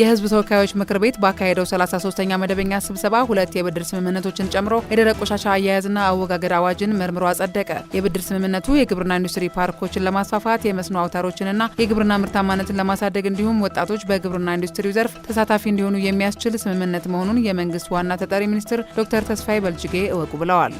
የህዝብ ተወካዮች ምክር ቤት ባካሄደው 33ኛ መደበኛ ስብሰባ ሁለት የብድር ስምምነቶችን ጨምሮ የደረቅ ቆሻሻ አያያዝና አወጋገድ አዋጅን መርምሮ አጸደቀ። የብድር ስምምነቱ የግብርና ኢንዱስትሪ ፓርኮችን ለማስፋፋት የመስኖ አውታሮችንና የግብርና ምርታማነትን ለማሳደግ እንዲሁም ወጣቶች በግብርና ኢንዱስትሪው ዘርፍ ተሳታፊ እንዲሆኑ የሚያስችል ስምምነት መሆኑን የመንግስት ዋና ተጠሪ ሚኒስትር ዶክተር ተስፋዬ በልጅጌ እወቁ ብለዋል።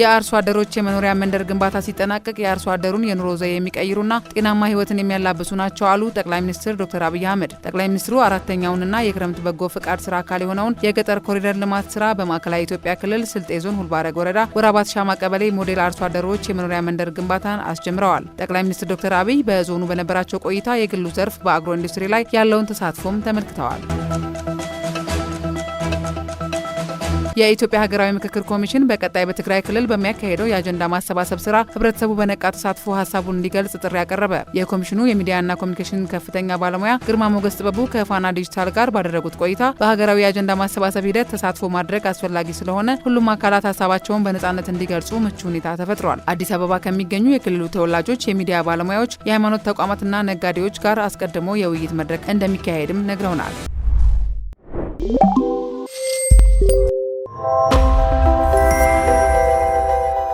የአርሶ አደሮች የመኖሪያ መንደር ግንባታ ሲጠናቀቅ የአርሶ አደሩን የኑሮ ዘዬ የሚቀይሩና ጤናማ ህይወትን የሚያላብሱ ናቸው አሉ ጠቅላይ ሚኒስትር ዶክተር አብይ አህመድ። ጠቅላይ ሚኒስትሩ አራተኛውንና የክረምት በጎ ፍቃድ ስራ አካል የሆነውን የገጠር ኮሪደር ልማት ስራ በማዕከላዊ ኢትዮጵያ ክልል ስልጤ ዞን ሁልባረግ ወረዳ ወራባት ሻማ ቀበሌ ሞዴል አርሶ አደሮች የመኖሪያ መንደር ግንባታን አስጀምረዋል። ጠቅላይ ሚኒስትር ዶክተር አብይ በዞኑ በነበራቸው ቆይታ የግሉ ዘርፍ በአግሮ ኢንዱስትሪ ላይ ያለውን ተሳትፎም ተመልክተዋል። የኢትዮጵያ ሀገራዊ ምክክር ኮሚሽን በቀጣይ በትግራይ ክልል በሚያካሄደው የአጀንዳ ማሰባሰብ ስራ ህብረተሰቡ በነቃ ተሳትፎ ሀሳቡን እንዲገልጽ ጥሪ አቀረበ። የኮሚሽኑ የሚዲያና ኮሚኒኬሽን ከፍተኛ ባለሙያ ግርማ ሞገስ ጥበቡ ከፋና ዲጂታል ጋር ባደረጉት ቆይታ በሀገራዊ የአጀንዳ ማሰባሰብ ሂደት ተሳትፎ ማድረግ አስፈላጊ ስለሆነ ሁሉም አካላት ሀሳባቸውን በነጻነት እንዲገልጹ ምቹ ሁኔታ ተፈጥሯል። አዲስ አበባ ከሚገኙ የክልሉ ተወላጆች፣ የሚዲያ ባለሙያዎች፣ የሃይማኖት ተቋማትና ነጋዴዎች ጋር አስቀድሞ የውይይት መድረክ እንደሚካሄድም ነግረውናል።